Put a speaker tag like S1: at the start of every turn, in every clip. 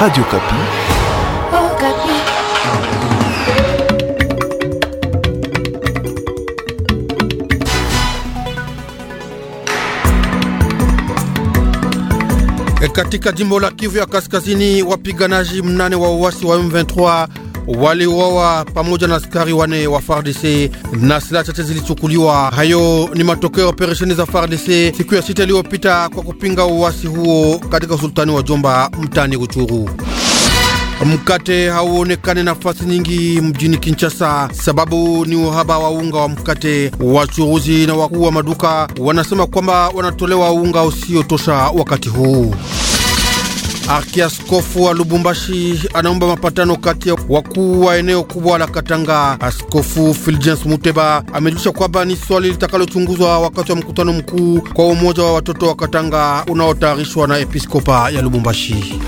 S1: Radio Kapi.
S2: Oh, Kapi.
S3: E, katika jimbo la Kivu ya Kaskazini wapiganaji mnane wa uasi wa M23 waliuawa pamoja na askari wane wa FARDC na silaha chache zilichukuliwa. Hayo ni matokeo ya operesheni za FARDC siku ya sita iliyopita kwa kupinga uasi huo katika usultani wa Jomba mtani Ruchuru. Mkate hauonekane nafasi nyingi mjini Kinshasa. Sababu ni uhaba wa unga wa mkate. Wachuruzi na wakuu wa maduka wanasema kwamba wanatolewa unga usiotosha wakati huu. Arkiaskofu wa Lubumbashi anaomba mapatano kati ya wakuu wa eneo kubwa la Katanga. Askofu Fulgence Muteba amejulisha kwamba ni swali litakalochunguzwa wakati wa mkutano mkuu kwa umoja wa watoto wa Katanga unaotayarishwa na episkopa ya Lubumbashi.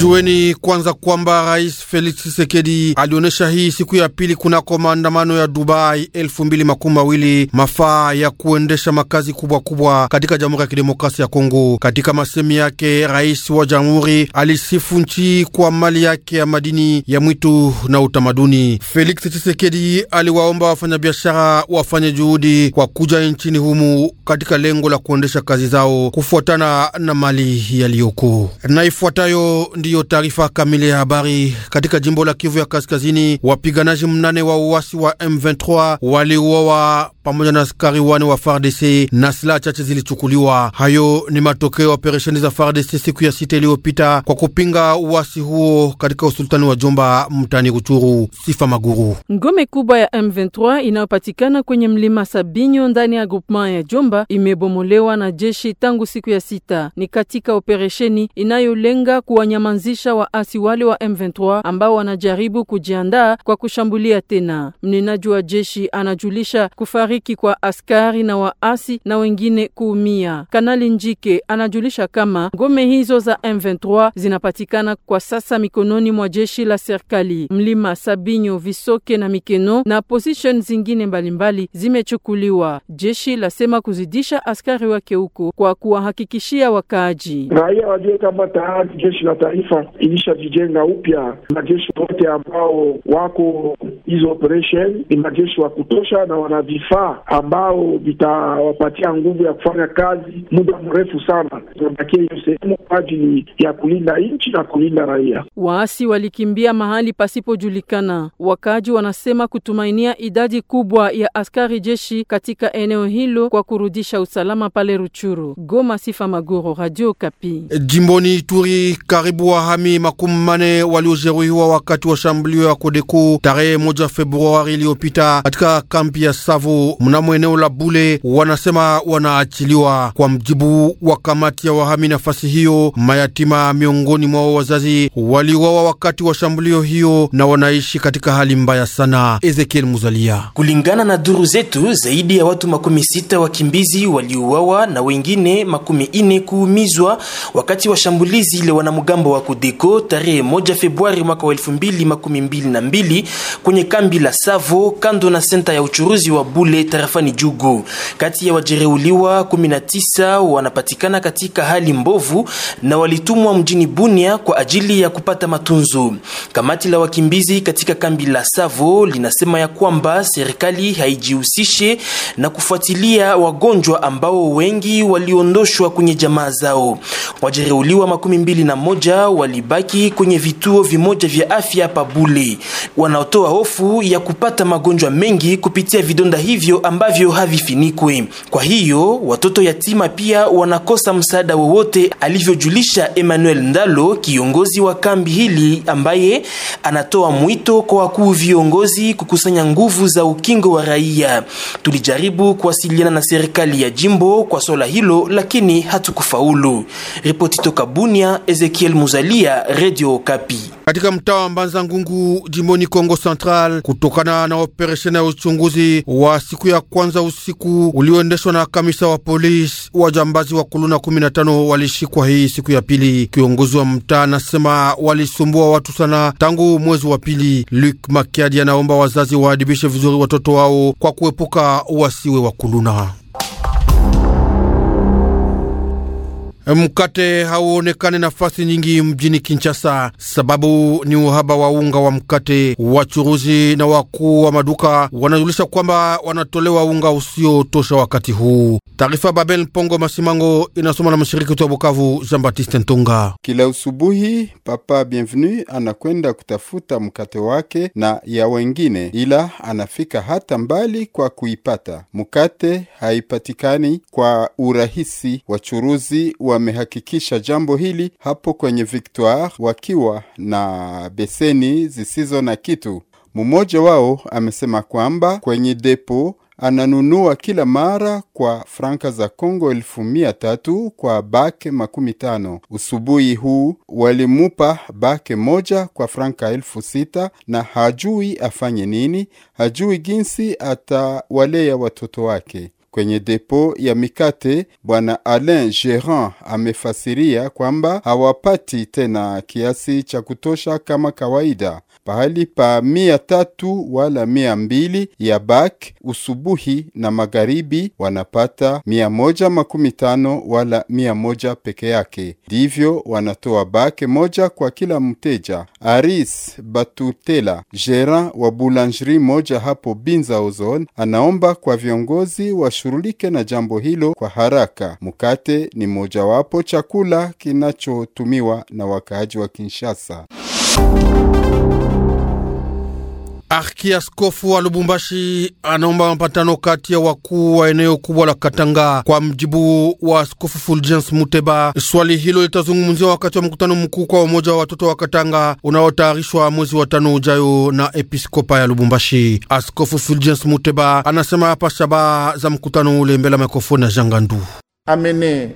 S3: Jueni kwanza kwamba Rais Felix Tshisekedi alionyesha hii siku ya pili kunako maandamano ya Dubai elfu mbili makumi mawili mafaa ya kuendesha makazi kubwa kubwa katika Jamhuri ya Kidemokrasia ya Kongo. Katika masemi yake, rais wa jamhuri alisifu nchi kwa mali yake ya madini ya mwitu na utamaduni. Felix Tshisekedi aliwaomba wafanyabiashara wafanye juhudi kwa kuja nchini humu katika lengo la kuendesha kazi zao kufuatana na mali yaliyoko. Na ifuatayo ndi Ndiyo taarifa kamili ya habari. Katika jimbo la Kivu ya Kaskazini, wapiganaji mnane wa uasi wa M23 waliuawa pamoja na askari wane wa FARDC na silaha chache zilichukuliwa. Hayo ni matokeo ya operesheni za FARDC siku ya sita iliyopita kwa kupinga uasi huo katika usultani wa Jomba mtani Ruchuru. Sifa Maguru.
S4: Ngome kubwa ya M23 inayopatikana kwenye mlima Sabinyo ndani ya groupement ya Jomba imebomolewa na jeshi tangu siku ya sita. Ni katika operesheni inayolenga kuwanyamazisha waasi wale wa M23 ambao wanajaribu kujiandaa kwa kushambulia tena. Mnenaji wa jeshi anajulisha kufa kufariki kwa askari na waasi na wengine kuumia. Kanali Njike anajulisha kama ngome hizo za M23 zinapatikana kwa sasa mikononi mwa jeshi la serikali. Mlima Sabinyo, Visoke na Mikeno na position zingine mbalimbali zimechukuliwa. Jeshi lasema kuzidisha askari wake huko kwa kuwahakikishia wakaaji
S2: raia wajue kama tayari jeshi la taifa ilishajijenga upya. Majeshi wote ambao wako hizo operation ni majeshi wa kutosha na vifaa vifaa ambao vitawapatia nguvu ya kufanya kazi muda mrefu sana, zinabakia hiyo sehemu kwa ajili ya kulinda nchi na kulinda
S4: raia. Waasi walikimbia mahali pasipojulikana. Wakaji wanasema kutumainia idadi kubwa ya askari jeshi katika eneo hilo kwa kurudisha usalama pale Ruchuru. Goma, Sifa Magoro, Radio Kapi.
S3: Jimboni Ituri, karibu wahami makumi mane waliojeruhiwa wakati wa shambulio ya kodeku tarehe moja Februari iliyopita katika kampi ya Savo mnamo eneo la Bule wanasema wanaachiliwa kwa mjibu wa kamati ya wahami nafasi hiyo. Mayatima miongoni mwao wazazi waliuawa wakati wa shambulio hiyo na wanaishi katika hali mbaya sana. Ezekiel
S1: Muzalia. Kulingana na duru zetu, zaidi ya watu makumi sita wakimbizi waliuawa na wengine makumi ine kuumizwa wakati wa shambulizi ile wanamgambo wa kudeko tarehe 1 Februari mwaka wa elfu mbili makumi mbili na mbili kwenye kambi la Savo kando na senta ya uchuruzi wa Bule tarafani Jugu. Kati ya wajereuliwa 19 wanapatikana katika hali mbovu na walitumwa mjini Bunia kwa ajili ya kupata matunzo. Kamati la wakimbizi katika kambi la Savo linasema ya kwamba serikali haijihusishe na kufuatilia wagonjwa ambao wengi waliondoshwa kwenye jamaa zao. Wajereuliwa makumi mbili na moja walibaki kwenye vituo vimoja vya afya pabule, wanaotoa hofu ya kupata magonjwa mengi kupitia vidonda hivyo hivyo ambavyo havifinikwe. Kwa hiyo watoto yatima pia wanakosa msaada wowote, alivyojulisha Emmanuel Ndalo, kiongozi wa kambi hili, ambaye anatoa mwito kwa wakuu viongozi kukusanya nguvu za ukingo wa raia. Tulijaribu kuwasiliana na serikali ya jimbo kwa swala hilo, lakini hatukufaulu. Ripoti toka Bunia, Ezekiel Muzalia, Radio Kapi. Katika mtaa wa
S3: Mbanza Ngungu, jimboni Kongo Central, kutokana na operesheni ya uchunguzi wa siku siku ya kwanza usiku ulioendeshwa na kamisa wa polisi, wajambazi wa kuluna 15 walishikwa hii siku ya pili. Kiongozi wa mtaa anasema walisumbua watu sana tangu mwezi wa pili. luk Makiadi anaomba wazazi waadibishe vizuri watoto wao kwa kuepuka wasiwe wa kuluna. Mkate hauonekane nafasi nyingi mjini Kinshasa, sababu ni uhaba wa unga wa mkate. Wachuruzi na wakuu wa maduka wanajulisha kwamba wanatolewa unga usiotosha wakati huu. Taarifa Babel Mpongo Masimango inasoma na mshiriki wetu wa Bukavu Jean Baptiste ntunga
S2: Kila usubuhi Papa Bienvenu anakwenda kutafuta mkate wake na ya wengine, ila anafika hata mbali kwa kuipata. Mkate haipatikani kwa urahisi, wachuruzi wa wamehakikisha jambo hili hapo kwenye Victoire wakiwa na beseni zisizo na kitu. Mmoja wao amesema kwamba kwenye depo ananunua kila mara kwa franka za congo elfu mia tatu kwa bake makumi tano. Usubuhi huu walimupa bake moja kwa franka elfu sita na hajui afanye nini, hajui jinsi atawalea watoto wake kwenye depo ya mikate. Bwana Alain Gerand amefasiria kwamba hawapati tena kiasi cha kutosha kama kawaida pahali pa mia tatu wala mia mbili ya bak usubuhi na magharibi wanapata mia moja makumi tano wala mia moja peke yake. Ndivyo wanatoa bake moja kwa kila mteja. Aris Batutela, geran wa boulangerie moja hapo Binza Ozone, anaomba kwa viongozi washughulike na jambo hilo kwa haraka. Mkate ni mojawapo chakula kinachotumiwa na wakaaji wa Kinshasa.
S3: Arkiaskofu wa Lubumbashi anaomba mapatano kati ya wakuu wa eneo kubwa la Katanga. Kwa mjibu wa Askofu Fulgence Muteba, swali hilo litazungumziwa wakati wa mkutano mkuu kwa umoja wa watoto wa Katanga unaotayarishwa mwezi wa tano ujayo na episkopa ya Lubumbashi. Askofu Fulgence Muteba anasema hapa shabaha za mkutano ule mbele ya mikrofoni ya Jangandu.
S2: Amene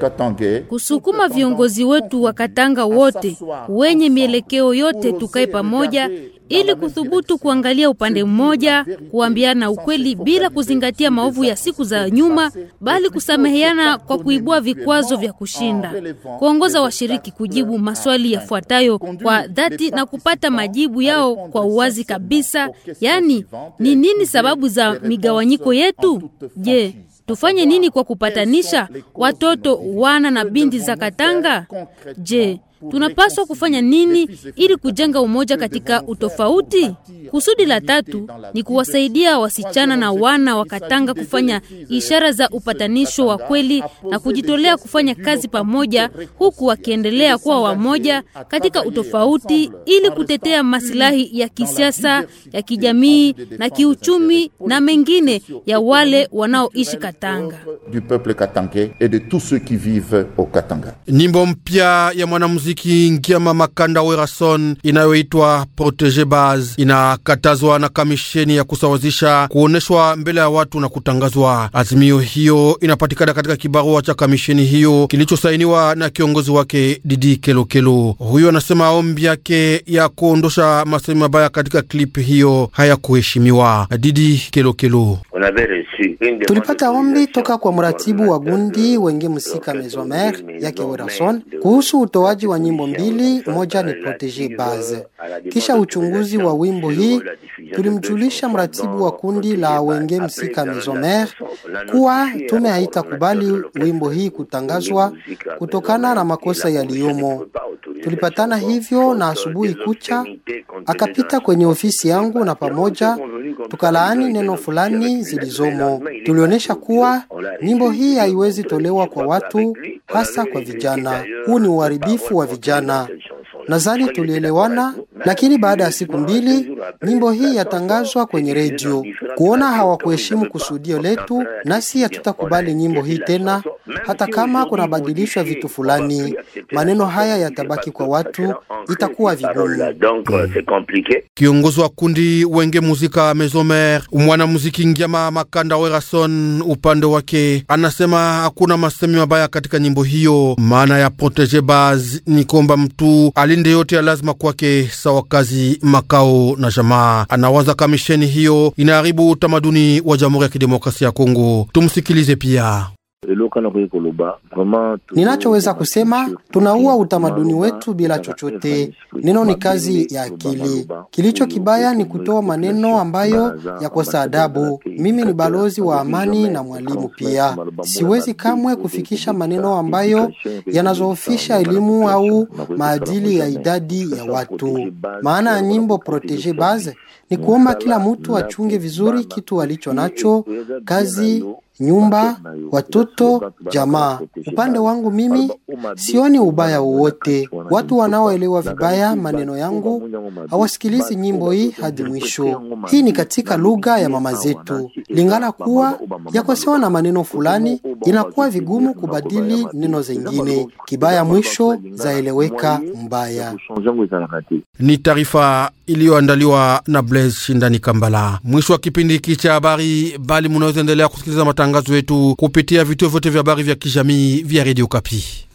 S2: Katange
S5: kusukuma viongozi wetu wa Katanga wote wenye mielekeo yote tukae pamoja ili kuthubutu kuangalia upande mmoja, kuambiana ukweli bila kuzingatia maovu ya siku za nyuma, bali kusameheana kwa kuibua vikwazo vya kushinda, kuongoza washiriki kujibu maswali yafuatayo kwa dhati na kupata majibu yao kwa uwazi kabisa, yaani ni nini sababu za migawanyiko yetu? Je, Tufanye nini kwa kupatanisha watoto wana na binti za Katanga? Je, Tunapaswa kufanya nini ili kujenga umoja katika utofauti? Kusudi la tatu ni kuwasaidia wasichana na wana wa Katanga kufanya ishara za upatanisho wa kweli na kujitolea kufanya kazi pamoja, huku wakiendelea kuwa wamoja katika utofauti, ili kutetea masilahi ya kisiasa, ya kijamii na kiuchumi na mengine ya wale wanaoishi Katanga.
S3: Nyimbo mpya ya mwanamuziki muziki Ngiama Makanda Werason inayoitwa Protege Base inakatazwa na kamisheni ya kusawazisha kuoneshwa mbele ya watu na kutangazwa. Azimio hiyo inapatikana katika kibarua cha kamisheni hiyo kilichosainiwa na kiongozi wake Didi Kelokelo. Huyo anasema ombi yake ya kuondosha masemi mabaya katika klip hiyo hayakuheshimiwa. Didi Kelokelo:
S6: tulipata ombi toka kwa mratibu wa gundi wenge msika Mesomer yake Werason kuhusu utoaji wa nyimbo mbili, moja ni Protege Base. Kisha uchunguzi wa wimbo hii, tulimjulisha mratibu wa kundi la Wenge Msika Mesomer kuwa tume haitakubali wimbo hii kutangazwa kutokana na makosa yaliyomo. Tulipatana hivyo na asubuhi kucha akapita kwenye ofisi yangu na pamoja tukalaani neno fulani zilizomo. Tulionyesha kuwa nyimbo hii haiwezi tolewa kwa watu, hasa kwa vijana. Huu ni uharibifu wa vijana. Nadhani tulielewana lakini baada ya siku mbili nyimbo hii yatangazwa kwenye redio. Kuona hawakuheshimu kusudio letu, nasi hatutakubali nyimbo hii tena, hata kama kunabadilishwa vitu fulani. Maneno haya yatabaki kwa watu, itakuwa vigumu.
S3: Kiongozi wa kundi Wenge Muzika Mesomer, mwanamuziki Ngiama Makanda Werason, upande wake anasema hakuna masemi mabaya katika nyimbo hiyo. Maana ya proteje bas ni kwamba mtu alinde yote ya lazima kwake sasa wakazi makao na jamaa. Anawaza kamisheni hiyo inaharibu utamaduni wa Jamhuri ya Kidemokrasia ya Kongo. Tumsikilize pia.
S6: Ninachoweza kusema tunaua utamaduni wetu bila chochote. Neno ni kazi ya akili. Kilicho kibaya ni kutoa maneno ambayo yakosa adabu. Mimi ni balozi wa amani na mwalimu pia. Siwezi kamwe kufikisha maneno ambayo yanazoofisha elimu au maadili ya idadi ya watu. Maana ya nyimbo protege base ni kuomba kila mtu achunge vizuri kitu alicho nacho, kazi nyumba, watoto, jamaa. Upande wangu mimi sioni ubaya wowote. Watu wanaoelewa vibaya maneno yangu hawasikilizi nyimbo hii hadi mwisho. Hii ni katika lugha ya mama zetu. Lingala kuwa yakosewa na maneno fulani, inakuwa vigumu kubadili neno zengine. Kibaya mwisho zaeleweka mbaya.
S3: Ni taarifa iliyoandaliwa na Blaise Shindani Kambala. Mwisho wa kipindi hiki cha habari, bali munaweza endelea kusikiliza matangazo yetu kupitia vituo vyote vya habari vya kijamii vya Radio Kapi.